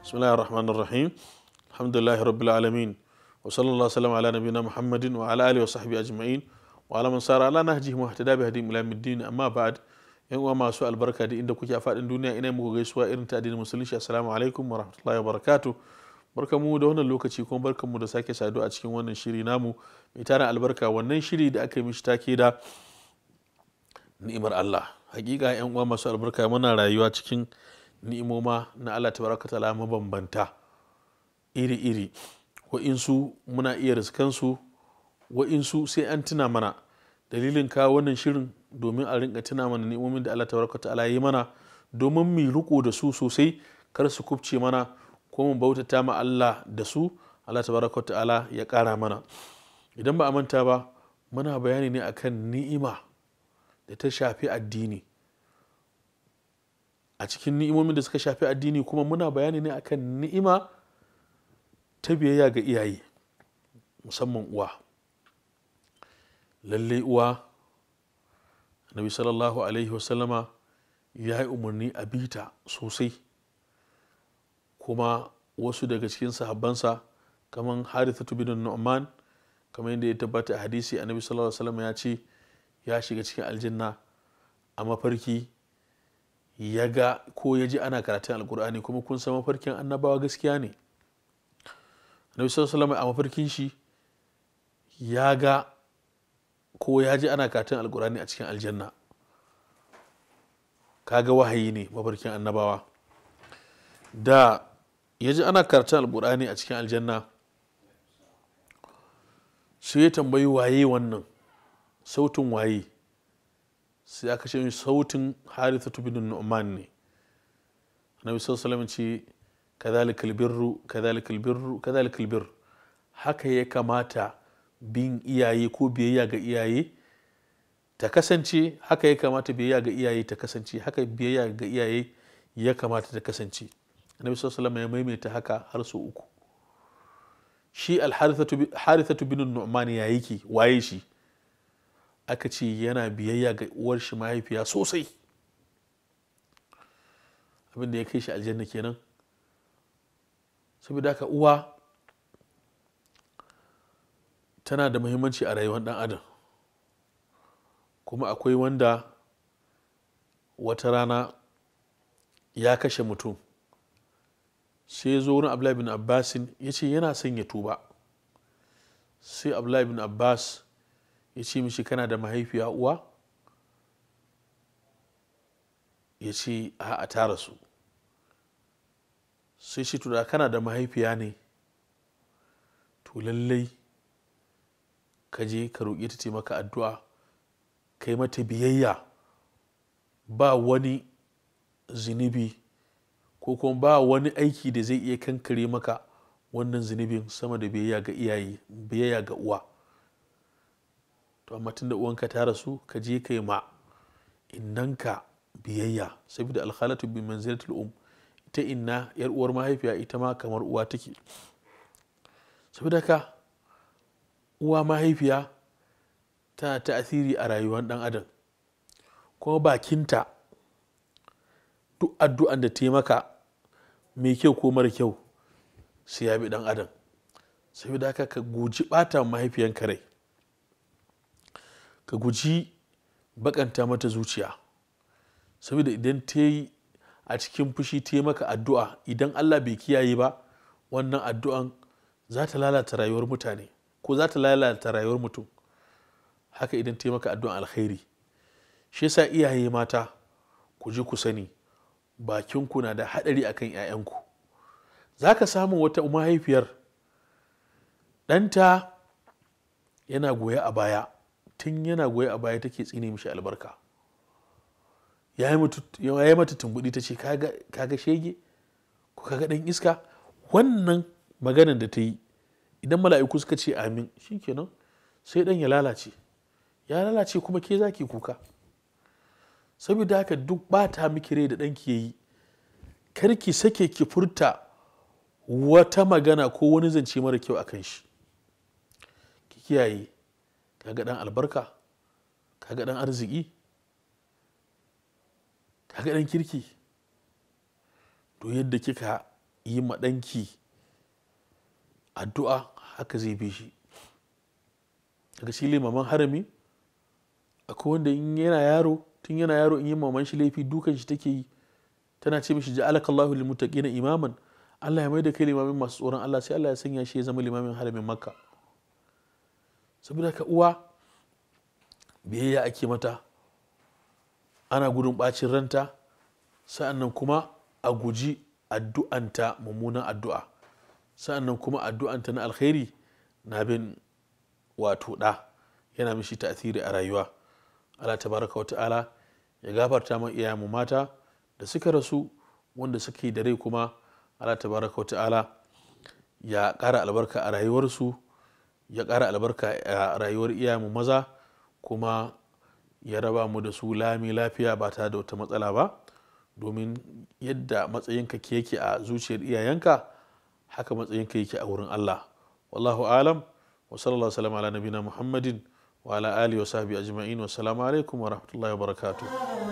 bismillahir rahmanir rahim alhamdulillahi rabbil alamin ala nabiyina muhammadin wa ala alihi ajma'in wa ala man sara ala amma ba'd yan uwa albarka da inda kuke a fadin duniya ina muku gaisuwa irin ta addinin musulunci assalamu alaikum barka mu da wannan lokaci kuma mu da sake saduwa a cikin wannan shiri namu mai tara albarka wannan shiri da aka yi mishi take da ni'imar Allah hakika yan uwa masu albarka muna rayuwa cikin ni'imoma na Allah Baraka ta'ala mabambanta iri-iri wa'insu muna iya riskansu wa'insu sai an tuna mana dalilin kawo wannan shirin domin a rinka tuna mana ni'imomin da Allah Baraka ta'ala yi mana domin mu riko da su sosai kar su kubce mana ko mu bautata ma Allah da su Allah Baraka ta'ala ya kara mana idan ba a manta ba muna bayani ne akan ni'ima da ta shafi addini a cikin ni'imomin da suka shafi addini kuma muna bayani ne akan ni'ima ta biyayya ga iyaye musamman uwa lalle uwa nabi sallallahu alaihi wasallama ya yi umarni a bita sosai kuma wasu daga cikin sahabbansa kamar harithatu bin nu'man kamar yadda ya tabbata a hadisi annabi sallallahu alaihi wasallama ya ce ya shiga cikin aljanna a mafarki ya ga ko ya ji ana karatun alkur'ani kuma kun san mafarkin annabawa gaskiya ne annabi sallallahu a mafarkin shi ya ga ko ya ji ana karatun alkur'ani a cikin aljanna kaga wahayi ne mafarkin annabawa da ya ji ana karatun alkur'ani a cikin aljanna sai ya tambayi waye wannan sautin waye sai aka ce sautin harithatu bin nu'man ne annabi sallallahu alaihi wasallam ce kadhalikal birru kadhalikal birru kadhalikal birr haka ya kamata bin iyaye ko biyayya ga iyaye ta kasance haka ya kamata biyayya ga iyaye ta kasance haka biyayya ga iyaye ya kamata ta kasance annabi sallallahu alaihi ya maimaita haka har su uku shi al-harithatu bin nu'man ya ki waye shi aka ce yana biyayya ga uwar shi mahaifiya sosai abinda ya kai shi aljanna kenan saboda haka uwa tana da muhimmanci a rayuwar dan adam kuma akwai wanda wata rana ya kashe mutum sai zo wurin abdullahi bin abbasin ya ce yana son ya tuba sai abdullahi bin abbas ya ce mishi kana da mahaifiya uwa ya ce a tara su sai shi tura kana da mahaifiya ne to lallai ka je ka roƙe ta taimaka maka addu'a kai mata biyayya ba wani zinibi ko kuma ba wani aiki da zai iya kankare maka wannan zinibin sama da biyayya ga iyaye biyayya ga uwa to amma tunda uwanka ta rasu ka je ka yi ma innanka biyayya saboda alkhalatu bi manzilatul um ita inna yar uwar mahaifiya ita ma kamar uwa take saboda ka uwa mahaifiya tana ta'asiri a rayuwar dan adam kuma bakinta duk addu'an da ta yi maka mai kyau ko mara kyau sai ya bi dan adam saboda ka guji bata mahaifiyan rai ka guji bakanta mata zuciya saboda idan ta yi a cikin fushi ta yi maka addu'a idan allah bai kiyaye ba wannan addu'an za ta lalata rayuwar mutane ko za ta lalata rayuwar mutum haka idan ta yi maka addu'an alkhairi shi yasa iyaye mata ku ji ku sani bakinku na da haɗari akan 'ya'yanku za ka samu wata mahaifiyar ɗanta yana goya a baya tun yana goyi a baya take tsine mishi albarka ya yi mata tumbuɗi ta ce kaga shege ko kaga ɗan iska wannan maganan da ta yi idan mala'iku suka ce amin shikenan sai ɗan ya lalace ya lalace kuma ke za ki kuka saboda haka duk bata miki rai da ɗanki ya yi kar ki sake ki furta wata magana ko wani zance mara kyau a kan shi ki kiyaye kaga dan albarka kaga dan arziki kaga dan kirki to yadda kika yi maɗanki addu'a haka zai bi shi daga shi limaman harami akwai wanda in yana yaro tun yana yaro in yi maman shi laifi dukan shi take yi tana ce mishi ja'alaka Allahu ta imaman Allah ya mai da kai limamin masu tsoron Allah sai Allah ya sanya shi ya zama limamin haramin Makka saboda ka uwa biyayya ake mata ana gudun ɓacin ranta sa'annan kuma a guji addu'anta mummunan addu'a sa'annan kuma addu'anta na alkhairi na bin wato ɗa yana mishi ta'asiri a rayuwa Allah tabaraka wa ta'ala ya gafarta man iyayenmu mata da suka rasu wanda suke da rai kuma Allah tabaraka wa ta'ala ya ƙara albarka a rayuwarsu ya ƙara albarka a rayuwar iyayenmu maza kuma ya raba mu da su lami lafiya ba tare da wata matsala ba domin yadda matsayinka ke yake a zuciyar iyayenka haka matsayinka yake a wurin Allah wallahu alam wa sallallahu alaihi ala nabina muhammadin wa ala alihi wa sahbihi ajma'in wa assalamu alaikum wa rahmatullahi wa barakatuh